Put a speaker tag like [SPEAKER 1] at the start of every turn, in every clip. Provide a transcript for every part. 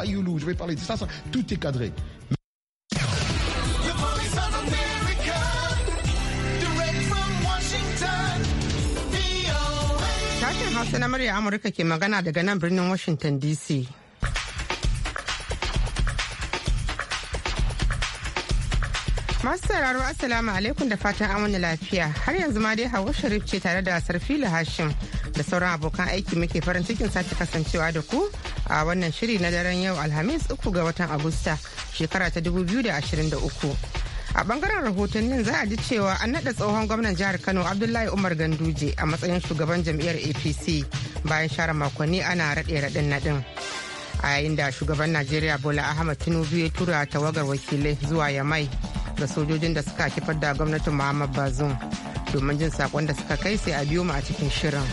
[SPEAKER 1] Ayoulou, ah, je vais parler de ça, ça tout est cadré.
[SPEAKER 2] Sashen Hausa na Amurka ke magana daga nan birnin Washington DC. Masu sauraro Assalamu alaikum da fatan an wani lafiya. Har yanzu ma dai Hawwa Sharif ce tare da Sarfila Hashim da sauran abokan aiki muke farin cikin sake kasancewa da ku a wannan shiri na daren yau alhamis uku ga watan agusta shekara ta 2023 a bangaren rahotannin za a ji cewa an naɗa tsohon gwamnan jihar kano abdullahi umar ganduje a matsayin shugaban jam'iyyar apc bayan share makonni ana raɗe-raɗin naɗin a yayin da shugaban najeriya bola ahmad tinubu ya tura tawagar wakilai zuwa yamai ga sojojin da suka kifar da gwamnatin muhammad bazoum domin jin sakon da suka kai sai a biyo mu a cikin shirin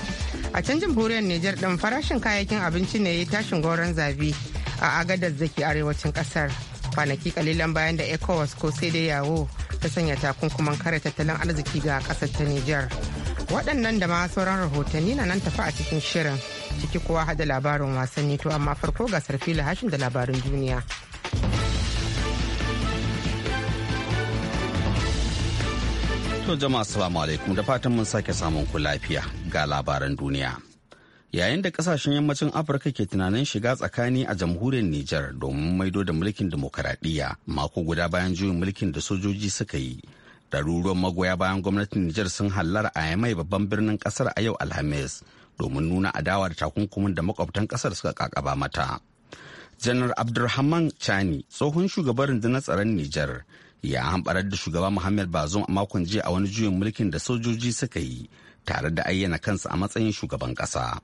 [SPEAKER 2] a can jamhuriyar Nijar ɗin farashin kayayyakin abinci ne ya tashin goron zabi a agadar zaki arewacin ƙasar kwanaki kalilan bayan da ecowas ko sai dai yawo ta sanya takunkuman kare tattalin arziki ga ƙasar ta Nijar. waɗannan da ma sauran rahotanni na nan tafi a cikin shirin ciki kuwa hada labarin wasanni to amma farko ga sarfila hashin da labarin duniya.
[SPEAKER 3] To jama'a assalamu alaikum da fatan mun sake samun ku lafiya ga labaran duniya. Yayin da kasashen yammacin Afirka ke tunanin shiga tsakani a jamhuriyar Nijar domin maido da mulkin demokaradiyya mako guda bayan juyin mulkin da sojoji suka yi. daruruwan magoya bayan gwamnatin Nijar sun hallara a yamai babban birnin kasar a yau Alhamis domin nuna adawa da takunkumin da makwabtan kasar suka kakaba mata. janar abdulrahman chani tsohon shugaban rundunar tsaron nijar ya hamɓarar da shugaba Muhammad Bazoum a makon jiya a wani juyin mulkin da sojoji suka yi tare da ayyana kansa a matsayin shugaban ƙasa.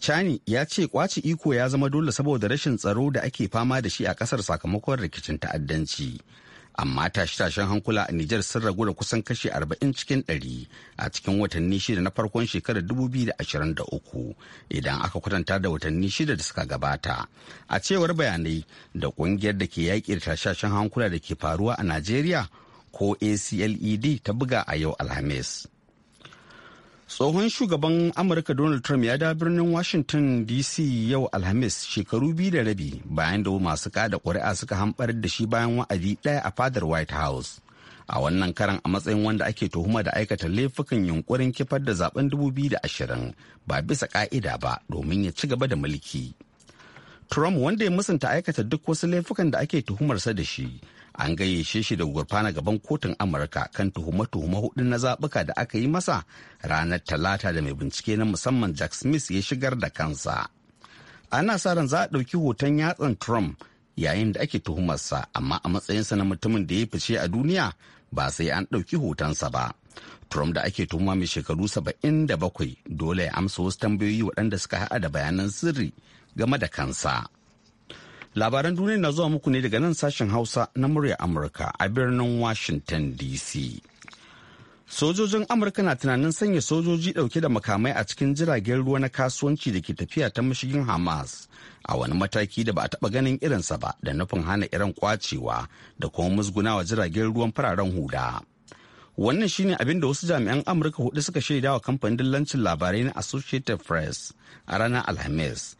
[SPEAKER 3] Chani ya ce kwaci iko ya zama dole saboda rashin tsaro da ake fama da shi a ƙasar sakamakon rikicin ta'addanci amma tashe-tashen hankula a Nijar sun ragu da kusan kashe 40 cikin 100 a cikin watanni shida na farkon shekarar 2023 idan aka kwatanta da watanni shida da suka gabata. A cewar bayanai da kungiyar da ke yaƙi da tashe-tashen hankula da ke faruwa a Najeriya ko ACLED ta buga a yau Alhamis. tsohon shugaban amurka donald trump ya da birnin washington dc yau alhamis shekaru biyu da rabi bayan da masu kada ƙuri'a suka hambar da shi bayan wa'adi ɗaya a fadar white house a wannan karan a matsayin wanda ake tuhuma da aikata laifukan yunkurin kifar da zaben 2020 ba bisa ka'ida ba domin ya ci gaba da mulki trump wanda ya musanta aikata duk wasu laifukan da ake tuhumarsa da shi an gayyace shi da gurfana gaban kotun amurka kan tuhume-tuhume hudu na zabuka da aka yi masa ranar talata da mai bincike na musamman jack smith ya shigar da kansa ana sa ran za a ɗauki hoton yatsan trump yayin da ake tuhumarsa amma a matsayinsa na mutumin da ya fice a duniya ba sai an ɗauki hotonsa ba trump da ake tuhuma mai shekaru 77 dole ya amsa wasu tambayoyi waɗanda suka haɗa da bayanan sirri game da kansa Labaran duniya na zuwa muku ne daga nan sashen Hausa na murya Amurka a birnin Washington DC. Sojojin Amurka na tunanin sanya sojoji ɗauke da makamai a cikin jiragen ruwa na kasuwanci da ke tafiya ta mashigin Hamas a wani mataki da ba a taɓa ganin irinsa ba da nufin hana Iran kwacewa da kuma musgunawa jiragen ruwan fararen huda. wannan shine abin da wasu jami'an amurka hudu suka shaida wa kamfanin dillancin labarai na associated press a ranar alhamis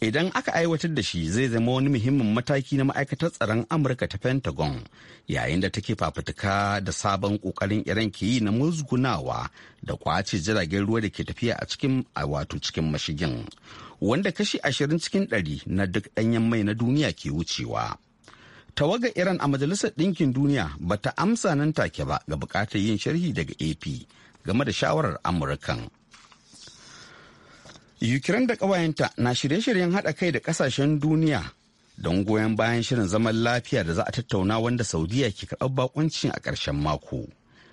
[SPEAKER 3] idan aka aiwatar da shi zai zama wani muhimmin mataki na ma'aikatar tsaron amurka ta pentagon yayin da take fafutuka da sabon kokarin iran ke yi na musgunawa da kwace jiragen ruwa da ke tafiya a cikin wato cikin mashigin wanda kashi ashirin cikin ɗari na duk ɗanyen mai na duniya ke wucewa tawaga iran a majalisar ɗinkin duniya bata amsa nan take ba ga buƙatar yin sharhi daga ap game da shawarar amurkan Ukraine da ƙawayenta na shirye-shiryen haɗa kai da ƙasashen duniya don goyon bayan shirin zaman lafiya da za a tattauna wanda Saudiya ke karɓar bakuncin a ƙarshen mako.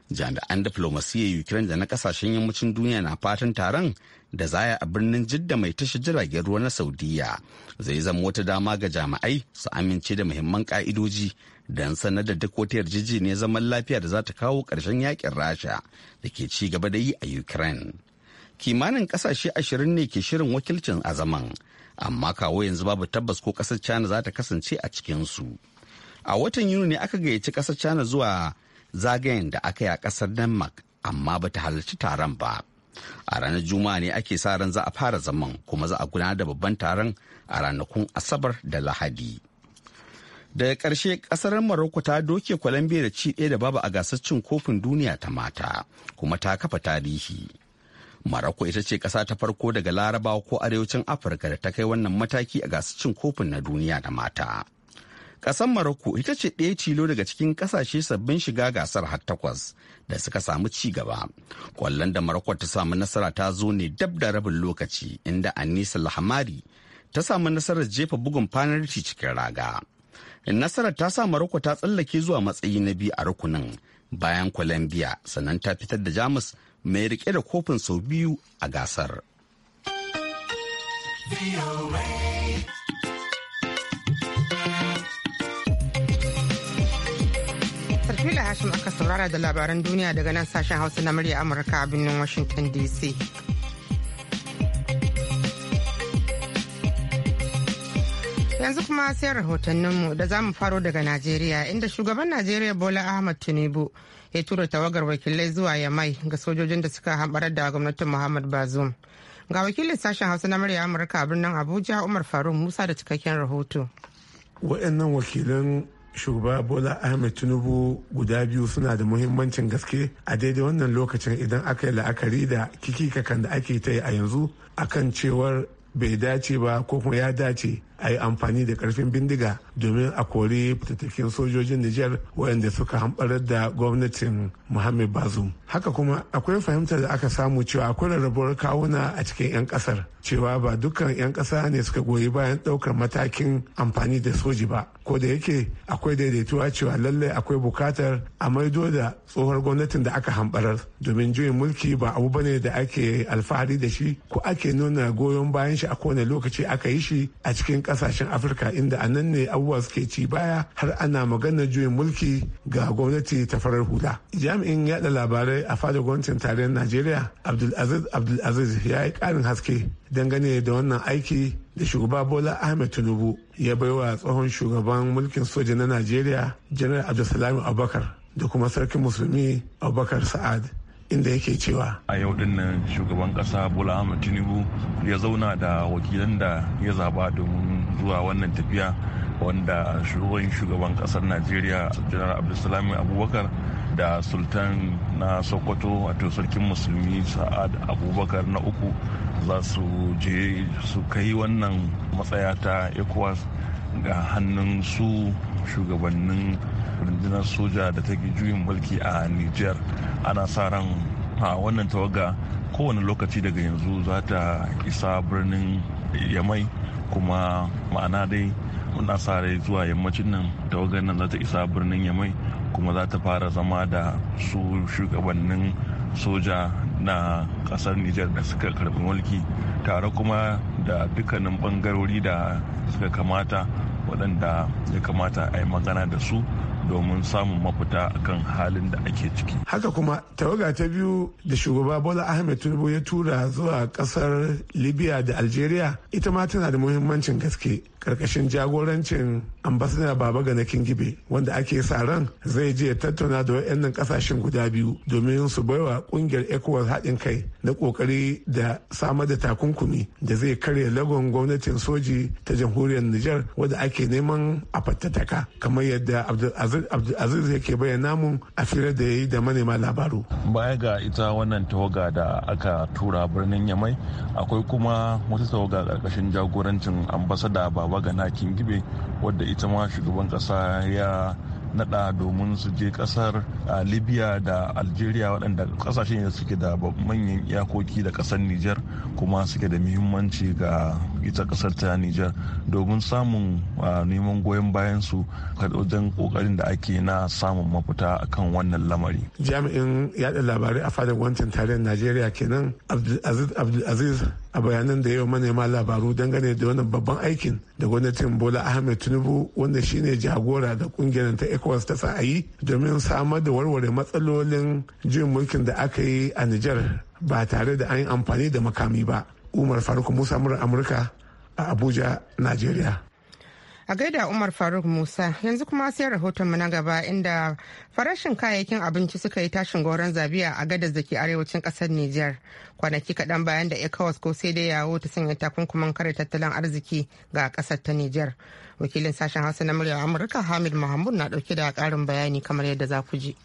[SPEAKER 3] Jami'an diflomasiyyar Ukraine da na ƙasashen yammacin duniya na fatan taron da zaya a birnin Jidda mai tashi jiragen ruwa na Saudiya zai zama wata dama ga jami'ai su amince da muhimman ƙa'idoji don sanar da duk wata yarjejeniyar zaman lafiya da za ta kawo ƙarshen yakin Rasha da ke ci gaba da yi a Ukraine. kimanin kasashe ashirin ne ke shirin wakilcin a zaman amma kawo yanzu babu tabbas ko kasar china za ta kasance a cikinsu a watan yuni ne aka gayyaci kasar china zuwa zagayen da aka yi a kasar denmark amma ba ta halarci taron ba a ranar juma'a ne ake sa ran za a fara zaman kuma za a gudanar da babban taron a ranakun asabar da lahadi daga ƙarshe ƙasar maroko ta doke colombia da ci ɗaya da babu a gasar cin kofin duniya ta mata kuma ta kafa tarihi Maroko ita ce ƙasa ta farko daga Larabawa ko Arewacin Afirka da ta kai wannan mataki a gasar cin kofin na duniya da mata. Ƙasar Maroko ita ce ɗaya tilo daga cikin ƙasashe sabbin shiga gasar har takwas da suka samu ci gaba. Ƙwallon da Maroko ta samu nasara ta zo ne dab da rabin lokaci inda Anisa Lahamari ta samu nasarar jefa bugun fanarci cikin raga. Nasarar ta sa Maroko ta tsallake zuwa matsayi na biyu a rukunin bayan Colombia sannan ta fitar da Jamus mai rike da kofin sau biyu a gasar.
[SPEAKER 2] Sarfila Hashim aka saurara da labaran duniya daga nan sashen Hausa na murya Amurka a birnin Washington DC. Yanzu kuma sai rahotanninmu da za mu faro daga Najeriya inda shugaban Najeriya Bola Ahmad Tinubu ya tura tawagar wakilai zuwa Yamai ga sojojin da suka hambarar da gwamnatin Muhammad Bazoum. Ga wakilin sashen Hausa na murya Amurka a birnin Abuja Umar Faruk Musa da cikakken rahoto.
[SPEAKER 4] Waɗannan wakilan shugaba bola ahmad tinubu guda biyu suna da muhimmancin gaske a daidai wannan lokacin idan aka yi la'akari da kikikakan da ake ta yi a yanzu akan cewar bai dace ba ko kuma ya dace a yi amfani da karfin bindiga domin a kori fitattakin sojojin Nijar waɗanda suka hamɓarar da gwamnatin Muhammad Bazoum. Haka kuma akwai fahimtar da aka samu cewa akwai rarrabuwar kawuna a cikin 'yan ƙasar cewa ba dukkan 'yan ƙasa ne suka goyi bayan ɗaukar matakin amfani da soji ba. Ko da yake akwai daidaituwa cewa lallai akwai bukatar a maido da tsohuwar gwamnatin da aka hamɓarar domin juyin mulki ba abu bane da ake alfahari da shi ko ake nuna goyon bayan shi a kowane lokaci aka yi shi a cikin kasashen afirka inda a nan ne abubuwa suke ci baya har ana maganar juyin mulki ga gwamnati ta farar hula jami'in yada labarai a fada gwamnatin tarayyar najeriya abdulaziz abdulaziz ya yi karin haske dangane da wannan aiki da shugaba bola ahmed tinubu ya baiwa tsohon shugaban mulkin soja na najeriya janar abdulsalam abubakar da kuma sarkin musulmi abubakar sa'ad inda yake cewa
[SPEAKER 5] a yau din nan shugaban kasa bola ahmed tinubu ya zauna da wakilan da ya zaba domin zuwa wannan tafiya wanda shugaban shugaban kasar najeriya janar abdulsalami abubakar da sultan na sokoto wato sarkin musulmi sa'ad abubakar na uku za su je su kai wannan matsaya ta ecowas ga hannun su shugabannin rundunar soja da ta juyin mulki a niger ana sa ran a wannan tawaga kowane lokaci daga yanzu za ta isa birnin yamai kuma ma'ana dai muna sa rai zuwa yammacin nan tawagar nan za ta isa birnin yamai kuma za ta fara zama da su shugabannin soja na kasar niger da suka karbi mulki tare kuma da dukkanin bangarori da suka kamata waɗanda ya kamata a yi magana da su domin samun mafita akan halin da ake ciki.
[SPEAKER 4] Haka kuma tawaga ta biyu da shugaba Bola Ahmed Tinubu ya tura zuwa kasar Libya da Algeria ita ma tana da muhimmancin gaske karkashin jagorancin ambasada baba ga na kingibe wanda ake sa ran zai je tattauna da wayannan kasashen guda biyu domin su baiwa kungiyar ecowas haɗin kai na kokari da samar da takunkumi da zai karya lagon gwamnatin soji ta jamhuriyar niger wadda ake neman a fattataka kamar yadda abdulaziz yake bayyana mu a firar da ya yi da manema labaru
[SPEAKER 5] baya ga ita wannan tawaga da aka tura birnin yamai akwai kuma wata tawaga karkashin jagorancin ambasada baba na gibe wadda ita ma shugaban kasa ya nada domin su je kasar libya da algeria waɗanda kasashen da suke da manyan iyakoki da kasar niger kuma suke da muhimmanci ga ita kasar ta Nijar domin samun neman goyon bayan su wajen kokarin da ake na samun mafita akan wannan lamari.
[SPEAKER 4] Jami'in yada labarai a fadar wancan tarayyar Najeriya kenan Abdulaziz a bayanan da yau manema labaru dangane da wannan babban aikin da gwamnatin Bola Ahmed Tinubu wanda shine jagora da kungiyar ta ECOWAS ta sa a yi domin samar da warware matsalolin jin mulkin da aka yi a Nijar ba tare da an yi amfani da makami ba. umar faruk musa murar amurka a abuja nigeria
[SPEAKER 2] a gaida umar faruk musa yanzu kuma sai rahoton mu na gaba inda farashin kayayyakin abinci suka yi tashin goron zabiya a gadar da ke arewacin kasar Nijar. kwanaki kaɗan bayan da ecowas ko sai dai yawo ta sanya takunkuman kare tattalin arziki ga kasar ta Nijar. wakilin sashen hausa na murya amurka hamid mahmud na ɗauke da ƙarin bayani kamar yadda za ku ji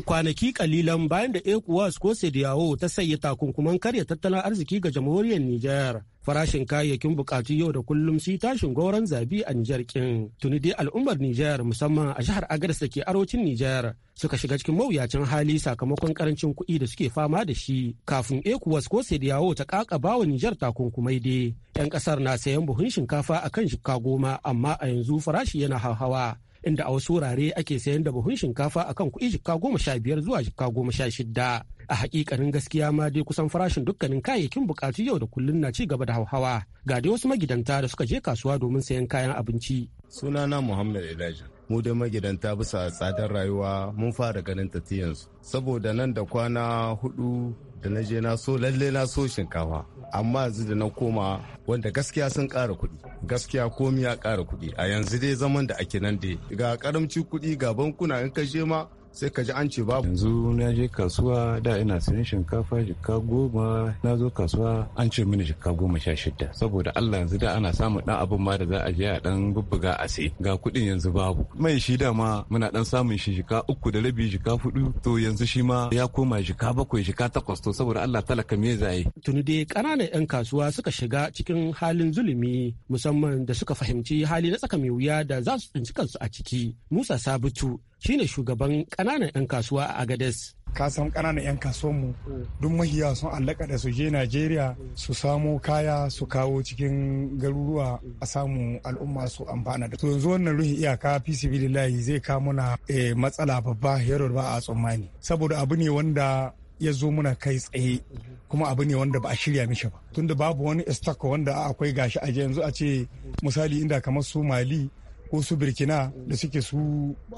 [SPEAKER 6] kwanaki kalilan bayan da ecowas ko sediyawo ta sayi takunkuman karya tattalin arziki ga jamhuriyar nijar farashin kayayyakin bukatu yau da kullum su tashin goron zabi a nijar kin tuni dai al'ummar nijar musamman a jihar agadas da ke arocin nijar suka shiga cikin mawuyacin hali sakamakon karancin kuɗi da suke fama da shi kafin ecowas ko sediyawo ta kaka bawa nijar takunkumai dai yan kasar na sayan buhun shinkafa a kan shika goma amma a yanzu farashi yana hauhawa inda a wasu wurare ake sayan da buhun shinkafa akan kuɗi jikka goma sha biyar zuwa jikka goma sha shidda, a hakikanin gaskiya ma dai kusan farashin dukkanin kayayyakin bukatu yau da kullun na ci gaba da hauhawa ga dai wasu magidanta da suka je kasuwa domin sayan kayan abinci
[SPEAKER 1] sunana muhammad elijah mu dai magidanta bisa tsadar rayuwa mun fara ganin ta yanzu saboda nan da kwana hudu da na je na so lalle na so shinkafa amma yanzu da na koma wanda gaskiya sun ƙara kuɗi gaskiya komi ya kara kuɗi a yanzu dai zaman da ake nan dai ga karamci kuɗi ga bankuna in ka je ma sai ka ji an ce babu yanzu na je kasuwa da ina sayan shinkafa jikka goma na zo kasuwa an ce mini jikka goma sha shida saboda allah yanzu da ana samun dan abin ma da za a je a dan bubbuga a sai ga kuɗin yanzu babu mai shi dama muna dan samun shi jikka uku da rabi jikka hudu to yanzu shi ma ya koma jikka bakwai jikka takwas to saboda allah talaka me zaye tuni dai
[SPEAKER 6] ƙananan 'yan kasuwa suka shiga cikin halin zulumi musamman da suka fahimci hali na tsaka mai wuya da za su tsinci kansu a ciki musa sabitu shine shugaban ƙananan 'yan kasuwa
[SPEAKER 1] a Agades. ka san ƙananan 'yan mu duk mahiya sun allaka da su je najeriya su samo kaya su kawo cikin garuruwa a samu al'umma su amfana da yanzu wannan ruhin iyaka fi sibilillahi zai ka muna eh, matsala babba yaron ba a tsammani saboda abu ne wanda ya zo muna kai tsaye kuma abu ne wanda ba a shirya mishi ba tunda babu wani stock wanda akwai gashi a yanzu a ce misali inda kamar su mali ko su birkina da suke su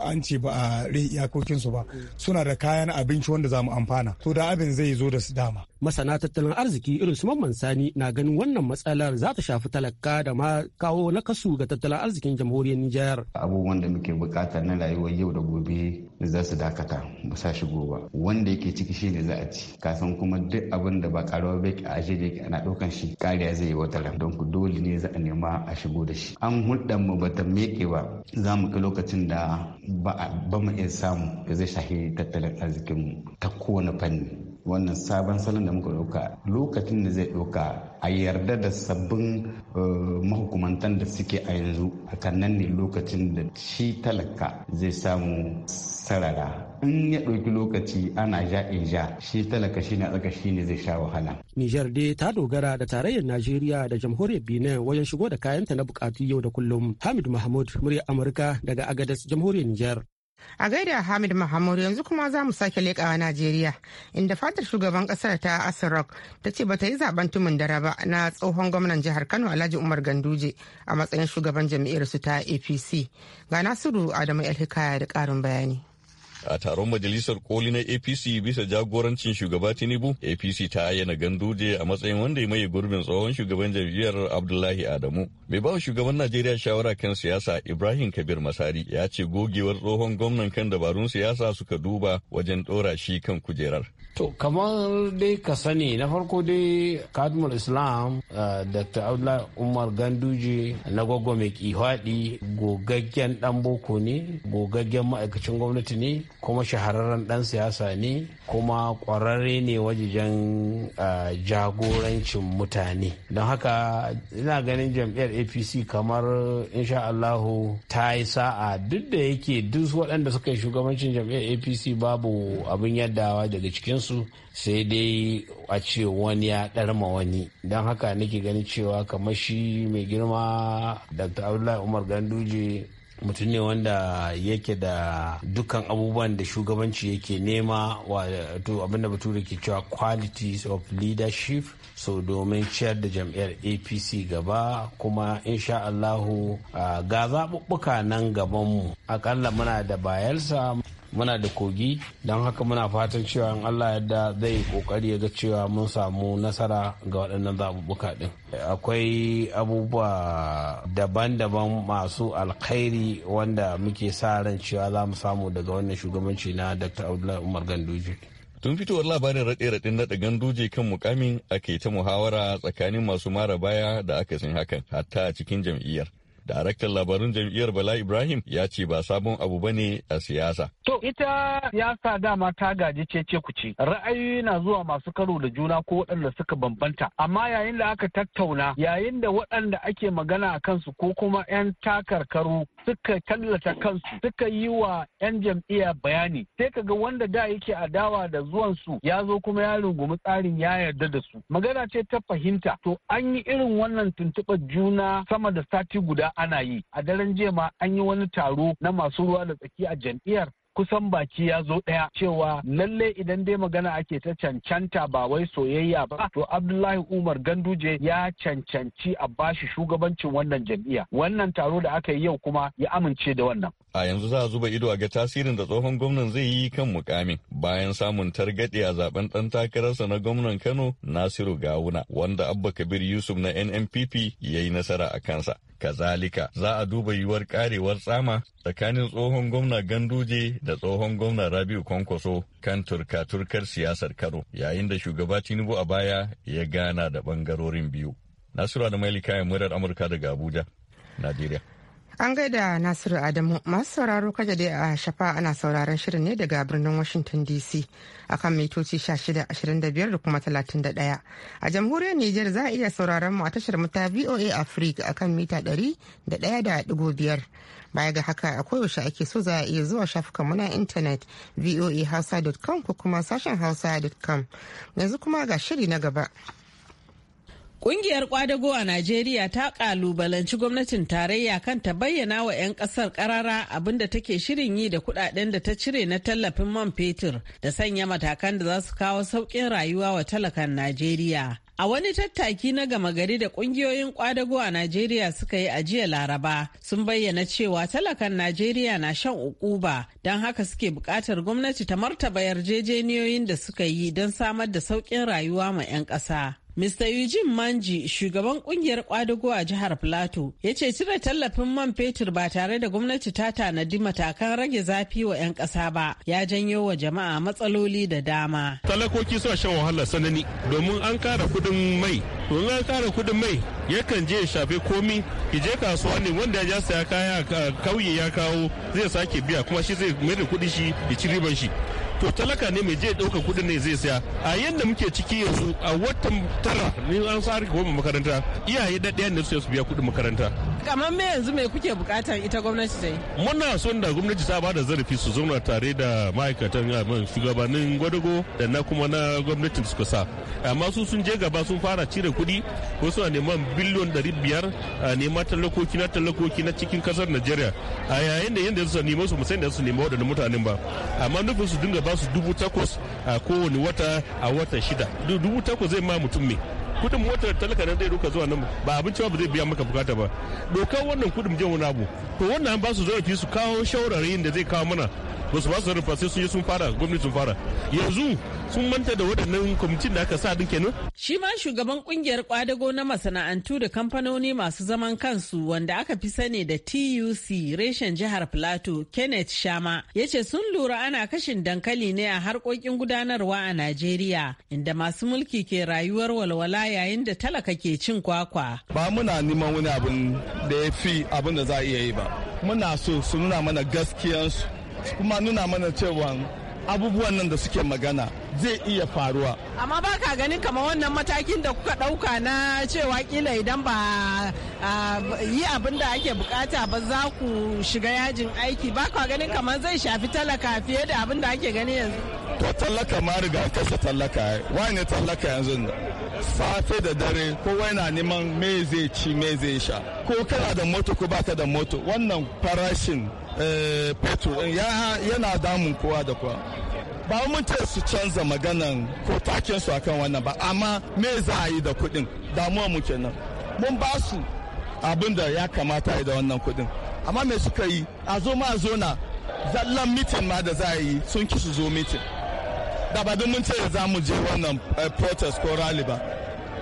[SPEAKER 1] an ce ba a rai iyakokinsu ba suna da kayan abinci wanda za mu amfana to da abin zai zo da su dama masana tattalin arziki irin su
[SPEAKER 6] mamman sani na ganin wannan matsalar za ta shafi talaka da ma kawo nakasu ga tattalin arzikin jamhuriyar nijar
[SPEAKER 3] abubuwan da muke bukata na rayuwar yau da gobe za su dakata ba sa shigo ba wanda yake ciki shine za a ci kasan kuma duk abin da ba karuwa ba a ashe da yake ana daukan shi kariya zai yi wata ran don ku dole ne za a nema a shigo da shi an hulɗan mu bata meke ba za mu kai lokacin da ba mu iya samu da zai shahi tattalin arzikin mu ta kowane fanni wannan sabon salon da muka ɗauka lokacin da zai ɗauka a yarda da sabbin eh, mahukumantan da suke a yanzu a nan ne lokacin da shi talaka zai samu sarara in ya ɗauki lokaci ana ja in ja shi talaka shi na tsaka shi ne zai sha wahala.
[SPEAKER 6] Nijar dai ta dogara da tarayyar Najeriya da jamhuriyar Benin wajen shigo da kayanta na bukatu yau da kullum. Hamid Mahmud, murya Amurka daga Agadas, jamhuriyar Nijar.
[SPEAKER 2] A gaida Hamid mahamud yanzu kuma za mu sake leƙawa Najeriya inda fatar shugaban ƙasar ta Asirok ta ce ba ta yi zaben tumin dare ba na tsohon gwamnan jihar Kano Alhaji Umar Ganduje a matsayin shugaban jam'iyyar su ta APC. Ga Nasiru Adamu El Hikaya da ƙarin bayani.
[SPEAKER 7] a taron majalisar koli na apc bisa jagorancin shugaba tinubu apc ta ayyana ganduje a matsayin wanda ya maye gurbin tsohon shugaban jam'iyyar abdullahi adamu mai bawa shugaban najeriya shawara kan siyasa ibrahim kabir masari ya ce gogewar tsohon gwamnan kan dabarun siyasa suka duba wajen ɗora shi kan kujerar
[SPEAKER 8] To kamar dai ka sani na farko dai kadmul islam eh, dr abdullahi umar ganduje na gwagwa mai kihwaɗi gogaggen dan boko ne gogaggen ma'aikacin gwamnati ne kuma shahararren dan siyasa ne kuma ƙwararre ne wajijen eh, jagorancin mutane don haka ina ganin jam'iyyar apc kamar insha allahu ta yi sa'a duk da yake duk waɗanda suka yi shugabancin jam'iyyar apc babu abin yaddawa daga cikin su sai dai a ce wani ya ɗarma wani don haka nake ganin cewa kamar shi mai girma dr abdullahi umar ganduje mutum ne wanda yake da dukkan abubuwan da shugabanci yake nema wato abinda bature ke cewa qualities of leadership so domin ciyar da jam'iyyar apc gaba kuma insha allahu ah, ga zaɓuɓɓuka nan gabanmu akalla muna da bayelsa muna da kogi don haka muna fatan cewa in allah yadda zai kokari ya ga cewa mun samu nasara ga waɗannan zaɓuɓɓuka ɗin akwai abubuwa daban-daban masu alkhairi wanda muke sa ran cewa za mu samu daga wannan shugabanci na dr abdullahi
[SPEAKER 7] umar ganduje tun fitowar labarin raɗe na naɗa ganduje kan mukamin ake ta muhawara tsakanin masu mara baya da aka san hakan hatta a cikin jam'iyyar Daraktan labarun jam'iyyar Bala Ibrahim ya ce ba sabon abu ba ne a siyasa.
[SPEAKER 8] To ita siyasa dama ta gaji cece ce. Ra'ayoyi na zuwa masu karo da juna ko waɗanda suka bambanta. Amma yayin da aka tattauna yayin da waɗanda ake magana a kansu ko kuma 'yan takarkaru suka tallata kansu suka yi wa 'yan jam'iyya bayani sai ka ga wanda da yake adawa da zuwan su ya zo kuma ya rungumi tsarin ya yarda da su magana ce ta fahimta to an yi irin wannan tuntuɓar juna sama da sati guda ana yi a daren jiya ma an yi wani taro na masu ruwa da tsaki a jam'iyyar kusan baki ya zo ɗaya cewa lalle idan dai magana ake ta cancanta ba wai soyayya ba to Abdullahi Umar Ganduje ya cancanci a bashi shugabancin wannan jam'iyya wannan taro da aka yi yau kuma ya amince da wannan
[SPEAKER 7] a yanzu za a zuba ido a ga tasirin da tsohon gwamnan zai yi kan mukamin bayan samun targaɗe a zaben ɗan takararsa na gwamnan Kano Nasiru Gawuna wanda Abba Kabir Yusuf na NNPP ya yi nasara a kansa kazalika za a duba yiwuwar karewar tsama tsakanin tsohon gwamna Ganduje da tsohon gwamnan Rabiu Kwankwaso kan turka-turkar siyasar Kano yayin da shugaba Tinubu a baya ya gana da ɓangarorin biyu. Nasiru da kayan murar Amurka daga Abuja, Najeriya.
[SPEAKER 2] An gaida Nasiru Adamu masu sauraro kaje dai a shafa ana sauraron shirin ne daga birnin Washington DC akan mitoci 1625 da kuma 31. A jamhuriyar Nijar za a iya sauraron mu a tashar muta ta VOA Africa akan mita da 100.5. Baya ga haka a koyaushe ake so za a iya zuwa shafukan mu na intanet voahausa.com ko kuma sashen hausa.com. Yanzu kuma ga shiri na gaba.
[SPEAKER 9] Ƙungiyar kwadago a Najeriya ta ƙalubalanci gwamnatin tarayya kan ta bayyana wa 'yan ƙasar ƙarara abin da take shirin yi da kuɗaɗen da ta cire na tallafin man fetur da sanya matakan da za su kawo sauƙin rayuwa wa talakan Najeriya. A wani tattaki na gama gari da kungiyoyin kwadago a Najeriya suka yi a jiya Laraba sun bayyana cewa talakan Najeriya na shan ukuba don haka suke bukatar gwamnati ta martaba yarjejeniyoyin da suka yi don samar da sauƙin rayuwa ma 'yan ƙasa. Mr. Eugene Manji, shugaban kungiyar kwadago a jihar Plateau, ya ce cire tallafin man fetur ba tare da gwamnati ta tanadi matakan rage zafi wa 'yan ƙasa ba, ya janyo wa jama'a matsaloli da dama.
[SPEAKER 10] Talakoki suna shan wahala sanani domin an kara kudin mai. Domin an kara kudin mai yakan je ya shafe komi, ki je kasuwa ne wanda ya saya kaya kauye ya kawo zai sake biya kuma shi zai mai da kuɗi shi ya ci riban shi. to talaka ne mai je dauka kuɗin ne zai saya a yadda muke ciki yanzu a watan tara ni an sa harka goma makaranta iyaye daɗaya ne su biya kuɗin makaranta.
[SPEAKER 9] kamar me yanzu me kuke bukatan ita gwamnati ta yi.
[SPEAKER 10] muna son da gwamnati ta bada zarafi su zauna tare da ma'aikatan shugabannin gwadago da na kuma na gwamnatin suka sa amma su sun je gaba sun fara cire kuɗi ko suna neman biliyon ɗari biyar a neman talakoki na talakoki na cikin ƙasar najeriya a yayin da yadda su nemi su musayin da su nema waɗanda mutanen ba amma nufin su dinga ba basu dubu takwas a kowane wata a wata shida dubu takwas zai ma mutum me kudin motar talaka nan zai duka zuwa nan ba abinci ba zai biya maka bukata ba dokar wannan kudin jan wani abu to wannan ba su zarafi su kawo shawararri da zai kawo mana ba su ba su zarafa sai sun je sun fara gwamnati sun fara yanzu sun manta da waɗannan kwamitin da aka sa din kenan.
[SPEAKER 9] Shi ma shugaban kungiyar kwadago na masana'antu da kamfanoni masu zaman kansu wanda aka fi sani da TUC reshen jihar Plateau Kenneth Shama ya ce sun lura ana kashin dankali ne a harkokin gudanarwa a Najeriya inda masu mulki ke rayuwar walwala yayin da talaka ke cin kwakwa.
[SPEAKER 1] Ba muna neman wani abin da ya fi abin da za a iya yi ba. Muna so su nuna mana gaskiyansu kuma nuna mana cewa abubuwan nan da suke magana zai iya faruwa.
[SPEAKER 9] Amma ba ka ganin kama wannan matakin da kuka ɗauka na cewa kila idan ba yi abin da ake bukata ba za ku shiga yajin aiki ba ka ganin kamar zai shafi talaka fiye da abin da ake gani yanzu.
[SPEAKER 1] To tallaka ma riga kasa tallaka wani tallaka yanzu safe da dare kowa na neman me zai ci me zai sha ko kana da moto ko baka da moto wannan farashin eh, petrol yana damun kowa da kowa ba mun ce su canza maganan ko taken su akan wannan ba amma me za a yi da kuɗin damuwa mu kenan mun ba su abin da ya kamata yi da wannan kuɗin amma me suka yi a zo ma zo na zallan mitin ma da za a yi sun ki su zo mitin da ba mun ce za mu je wannan eh, protest ko rally ba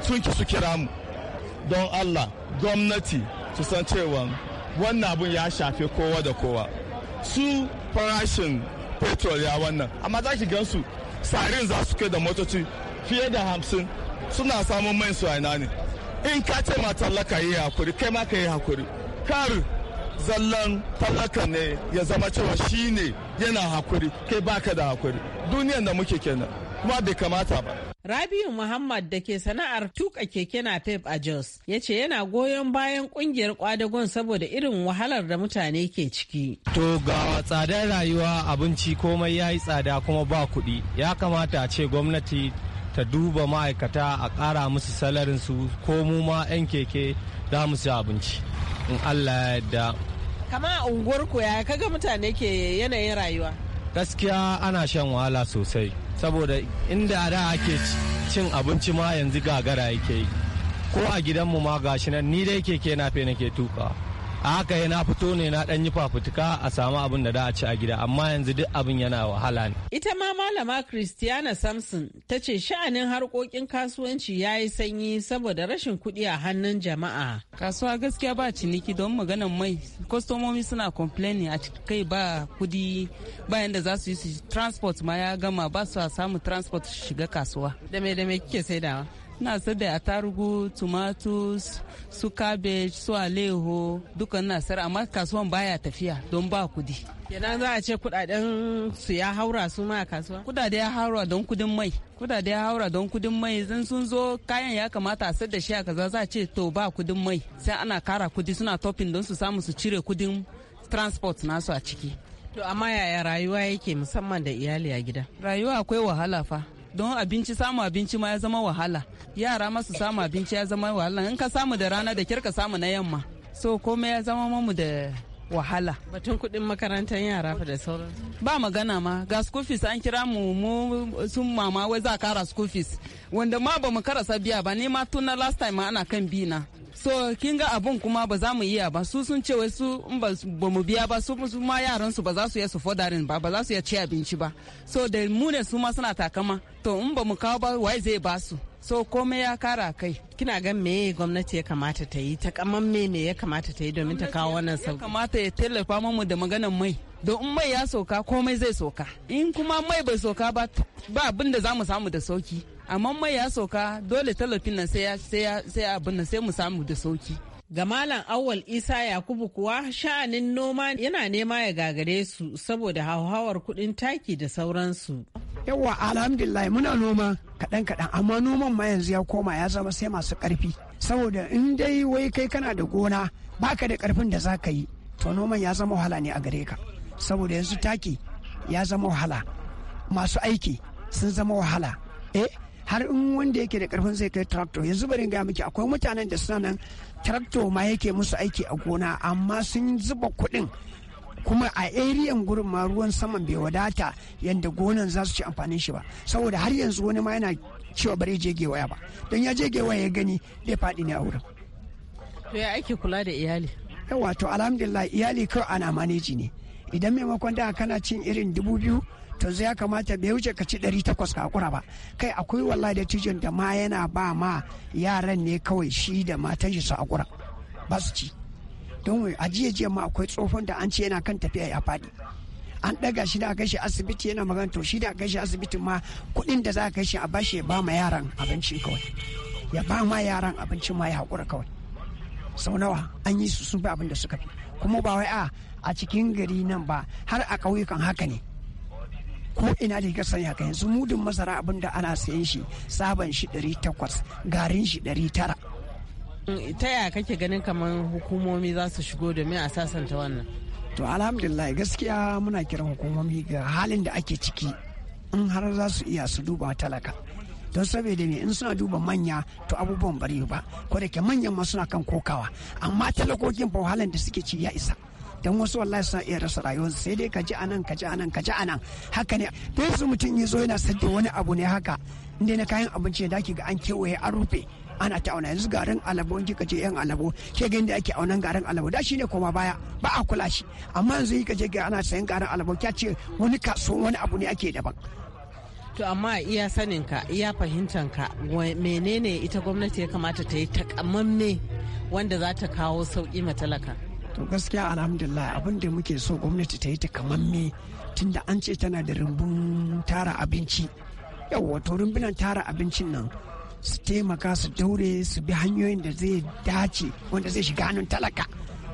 [SPEAKER 1] sun ki su kira mu don allah gwamnati su san cewa wannan abun ya shafe kowa da kowa su farashin petrol ya wannan amma za ki gansu sarin za su kai da motoci fiye da hamsin suna samun mai su aina ne in ka ce ma talaka yi hakuri kai ma ka yi hakuri kar zallan talaka ne ya zama cewa shi ne yana hakuri kai baka da hakuri duniyan da muke kenan kuma bai kamata ba
[SPEAKER 9] Rabiu Muhammad da ke sana'ar tuka keke na Pep a Jos ya ce yana goyon bayan kungiyar kwadagon saboda irin wahalar da mutane ke ciki.
[SPEAKER 6] To ga tsadar rayuwa abinci komai ya yi tsada kuma ba kuɗi ya kamata a ce gwamnati ta duba ma'aikata a ƙara musu salarinsu ko mu ma 'yan keke za mu abinci in Allah ya yarda.
[SPEAKER 9] Kama a unguwarku ya kaga mutane ke yanayin rayuwa?
[SPEAKER 6] gaskiya ana shan wahala sosai saboda inda da ake cin abinci ma yanzu gagara yake ko a gidanmu ma gashi nan ni dai keke na fe nake tuka a haka yana fito ne na dan yi fafutuka a samu abin da da ci a gida amma yanzu duk abin yana wahala ne
[SPEAKER 9] ita ma malama christiana samson ta ce sha'anin harkokin kasuwanci ya yi sanyi saboda
[SPEAKER 11] rashin kuɗi a hannun jama'a kasuwa gaskiya ba ciniki don maganan mai kwastomomi suna complaining a kai ba kudi bayan da za su yi su transport ma ya gama ba su samu transport shiga kasuwa da me da me kike saidawa na sayar da atarugu tomatoes su cabbage su aleho dukan na sayar amma kasuwan baya tafiya don ba kudi kenan za a ce kudaden su ya haura su ma a kasuwa kudade ya haura don kudin mai kudade ya haura don kudin mai zan sun zo kayan ya kamata a sayar da shi a kaza za a ce to ba kudin mai sai ana kara kudi suna topping don su samu su cire kudin transport nasu a ciki To amma yaya rayuwa yake musamman da iyali a gida? Rayuwa akwai wahala fa. don abinci samu abinci ma ya zama wahala yara masu samu abinci ya zama wahala in ka samu da rana da kirka samu na yamma so kome ya zama mamu da wahala batun kudin makarantar yara fa da sauran ba magana ma ga school an kira mu mu sun mama wai za kara school fees wanda ma ba mu karasa biya ba ni ma tun na last time ana kan bi na so kin ga abun kuma ba za mu iya ba su sun ce wai su in ba mu biya ba su ma yaran su ba za su iya su fodarin ba ba za su iya ci abinci ba so da mu ne su ma suna takama to in ba mu kawo ba wai zai ba su so komai ya kara kai kina gan me gwamnati ya kamata ta yi ta kaman me me ya kamata ta yi domin ta kawo wannan sauki ya kamata ya tallafa mu da maganan mai don in mai ya soka komai zai soka in kuma mai bai soka ba ba abin da za mu samu da sauki amma mai ya sauka dole tallafin nan sai abin nan sai mu samu da sauki Ga Malam auwal Isa Yakubu kuwa sha'anin
[SPEAKER 9] noma yana nema ya gagare su saboda hauhawar kudin taki da sauransu.
[SPEAKER 12] yawa alhamdulillah muna noma kaɗan kaɗan amma noman ma yanzu ya koma ya zama sai masu ƙarfi. Saboda in dai wai kai kana da gona baka da ƙarfin da za yi to noman ya zama wahala ne a gare ka. Saboda yanzu taki ya zama wahala masu aiki sun zama wahala. Eh har in wanda yake da karfin zai kai tractor yanzu bari ga miki akwai mutanen da suna nan tractor ma yake musu aiki a gona amma sun zuba kuɗin kuma a area gurin ma ruwan saman bai wadata yanda gonan za su ci amfanin shi ba saboda har yanzu wani ma yana cewa bari je gewaya ba don ya je gewaya ya gani bai faɗi ne a wurin.
[SPEAKER 9] To ya ake kula da iyali?
[SPEAKER 12] Yawa to alhamdulillah iyali kawai ana maneji ne idan maimakon da kana cin irin dubu biyu to zai ya kamata bai wuce ka ci 800 kakura ba kai akwai wallahi da tijin da ma yana ba ma yaran ne kawai shi da matan shi su akura ba su ci don a jiya jiya ma akwai tsofon da an ce yana kan tafiya ya fadi an ɗaga shi da aka shi asibiti yana magana to shi da aka shi asibiti ma kuɗin da za a shi a bashi ba ma yaran abinci kawai ya ba ma yaran abinci ma ya haƙura kawai sau nawa an yi su sun fi abin da suka fi kuma ba wai a cikin gari nan ba har a ƙauyukan haka ne ko ina da ka sanya haka yanzu mudun masara abin da ana sayan shi sabon shi 800 garin shi 900
[SPEAKER 9] ta ya kake ganin kamar hukumomi za su shigo da mai a sasanta wannan
[SPEAKER 12] to alhamdulillah gaskiya muna kiran hukumomi ga halin da ake ciki in har za su iya su duba talaka don saboda ne in suna duba manya to abubuwan bari ba ko da manyan ma suna kan kokawa amma talakokin fa halin da suke ci ya isa dan wasu wallahi suna iya rasa rayuwarsu sai dai ka ji anan ka ji anan ka ji anan haka ne da su mutum ya yana sadda wani abu ne haka inda na kayan abinci da ki ga an kewaye an rufe ana ta auna yanzu garin alabo in kika je yan alabo ke ga inda ake aunan garin alabo da shine koma baya ba a kula shi amma yanzu kika je ga ana sayan garin alabo kya ce wani kasuwan wani abu ne ake daban
[SPEAKER 9] To amma iya saninka iya fahimtanka menene ita gwamnati ya kamata ta yi takamamme wanda za ta kawo sauki matalaka? talaka?
[SPEAKER 12] to gaskiya alhamdulillah abin da muke so gwamnati ta yi takamamme tunda an ce tana da rumbun tara abinci yau wato rumbunan tara abincin nan su taimaka su daure su bi hanyoyin da zai dace wanda zai shiga hannun talaka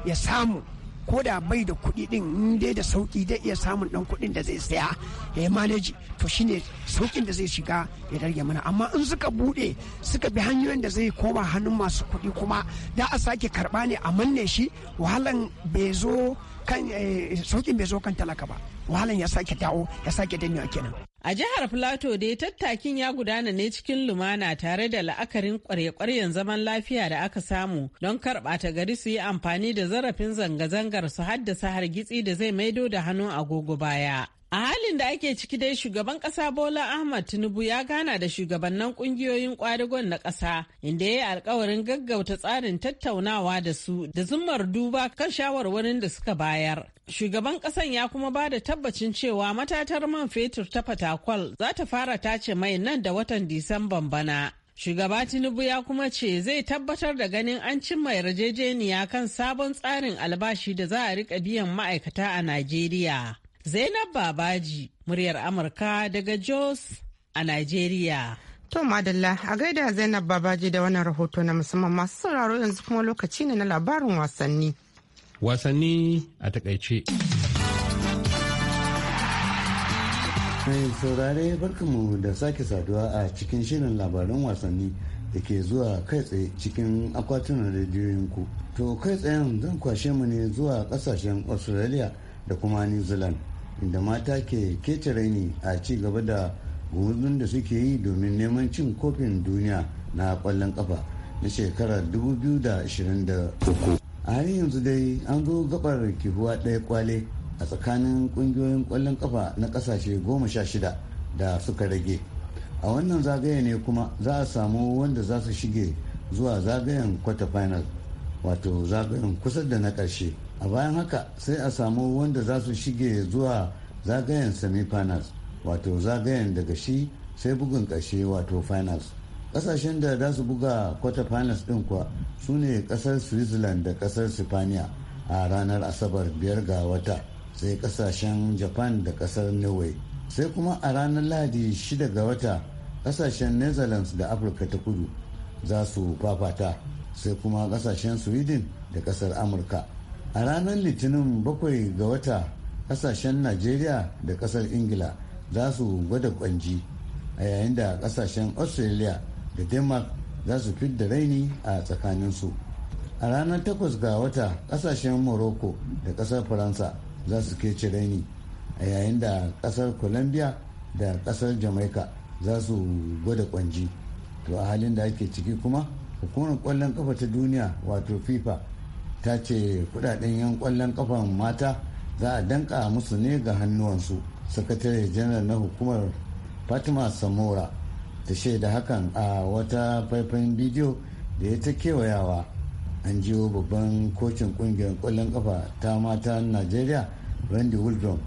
[SPEAKER 12] ya samu ko da bai da kuɗi ɗin in dai da sauki dai iya samun ɗan kuɗin da zai saya ya yi manaji to shine saukin da zai shiga ya rage mana amma in suka buɗe suka bi hanyoyin da zai koma hannun masu kuɗi kuma da a sake karɓa ne a manne shi wahalan bai zo kan eh, bai zo kan talaka ba wahalan ya sake dawo ya sake kenan a jihar
[SPEAKER 9] plateau dai tattakin ya gudana ne cikin lumana tare da la'akarin kwarye-kwaryen zaman lafiya da aka samu don ta gari su yi amfani da zarafin zanga-zangar su haddasa hargitsi da zai maido da hannun agogo baya A halin da ake ciki dai shugaban kasa Bola Ahmad Tinubu ya gana da shugabannin kungiyoyin kwadagon na kasa inda ya yi alkawarin gaggauta tsarin tattaunawa da su da zumar duba kan shawarwarin da suka bayar. Shugaban kasan ya kuma ba da tabbacin cewa matatar man fetur ta Fatakwal za ta fara tace mai nan da watan Disamban bana. Shugaba Tinubu ya kuma ce zai tabbatar da ganin an cimma yarjejeniya kan sabon tsarin albashi da za a rika biyan ma'aikata a Najeriya. Zainab Babaji, muryar Amurka daga Jos a Najeriya.
[SPEAKER 2] To Madalla, a gaida Zainab Babaji da wannan rahoto na musamman masu sauraro yanzu kuma lokaci ne na labarin wasanni.
[SPEAKER 13] Wasanni a takaice. mai saurare barkanmu da sake saduwa a cikin shirin labarin wasanni da ke zuwa kai tsaye cikin akwatunan rediyoyinku to kai tsayen zan kwashe mu ne zuwa kasashen australia da kuma new zealand inda mata ke kece raini a ci gaba da gumurzun da suke yi domin neman cin kofin duniya na kwallon kafa na shekarar 2023 a har yanzu dai an zo gabar kihuwa ɗaya kwale a tsakanin ƙungiyoyin kwallon kafa na ƙasashe goma sha shida da suka rage a wannan zagaye ne kuma za a samu wanda za su shige zuwa zagayen kwata final wato zagayen kusa da na ƙarshe a bayan haka sai a samu wanda za su shige zuwa zagayen semifinals wato zagayen daga shi sai bugun ƙashe wato finals kasashen da za su buga kwata finals din kuwa su ne kasar switzerland da kasar sipaniya a ranar asabar biyar ga wata sai kasashen japan da kasar norway sai kuma a ranar lahadi shida ga wata kasashen netherlands da afirka ta kudu za su fafata sai kuma kasashen sweden da kasar amurka a ranar litinin bakwai ga wata kasashen najeriya da kasar ingila za su gwada kwanji a yayin da kasashen australia da denmark za su da raini a tsakaninsu a ranar takwas ga wata kasashen morocco da kasar faransa za su kece raini a yayin da kasar colombia da kasar jamaica za su gwada kwanji to a halin da ake ciki kuma hukumar kwallon kafa ta duniya wato fifa ta ce kudaden yan kwallon kafan mata za a danka musu ne ga hannuwansu sakatare janar na hukumar fatima samora ta shaida hakan a wata faifan bidiyo da ya ta kewayawa an jiwo babban kocin kungiyar kwallon kafa ta mata najeriya randy wildrum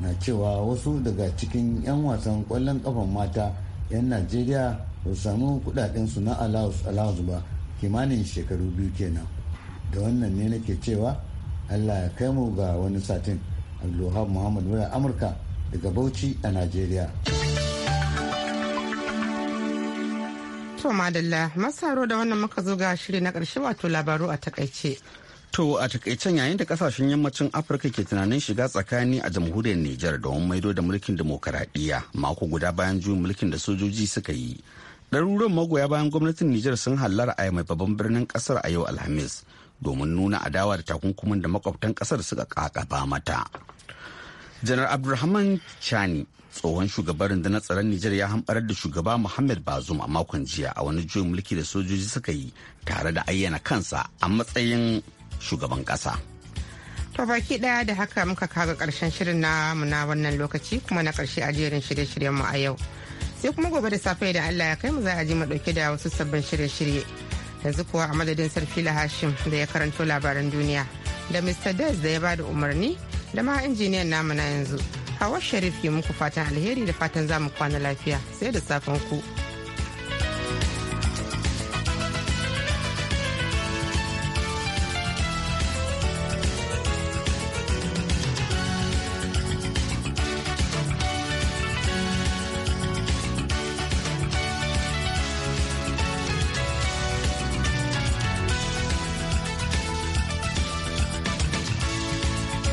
[SPEAKER 13] na cewa wasu daga cikin 'yan wasan kwallon kafan mata 'yan najeriya ba su samu kudadensu na allowance allowance ba kimanin shekaru biyu kenan da wannan ne nake cewa allah ya kai mu ga wani satin abdulwahab muhammad wani amurka daga bauchi a najeriya
[SPEAKER 2] to madalla masaro da wannan muka zo ga shiri na karshe wato labaru a takaice To a takaicen yayin da kasashen yammacin Afirka
[SPEAKER 3] ke tunanin shiga tsakani a jamhuriyar Nijar wani maido da mulkin demokaradiyya mako guda bayan juyin mulkin da sojoji suka yi. Ɗaruruwan magoya bayan gwamnatin Nijar sun hallara a mai babban birnin ƙasar a yau Alhamis domin nuna adawa da takunkumin da makwabtan kasar suka kakaba mata janar abdulrahman chani tsohon shugaban rundunar tsaron nijar ya hambarar da shugaba muhammad bazum a makon jiya a wani juyin mulki da sojoji suka yi tare da ayyana kansa a matsayin shugaban kasa.
[SPEAKER 2] To baki daya da haka muka kaga karshen shirin namu na wannan lokaci kuma na karshe a shirye-shiryen mu a yau. Sai kuma gobe da safe da Allah ya kai mu za a ji mu dauke da wasu sabbin shirye-shirye. yanzu kuwa a madadin sarfila hashim da ya karanto labaran duniya da mr des da ya ba da umarni da ma injiniyan namu na yanzu hawa sharif ke muku fatan alheri da fatan zamu kwana lafiya sai da safen ku.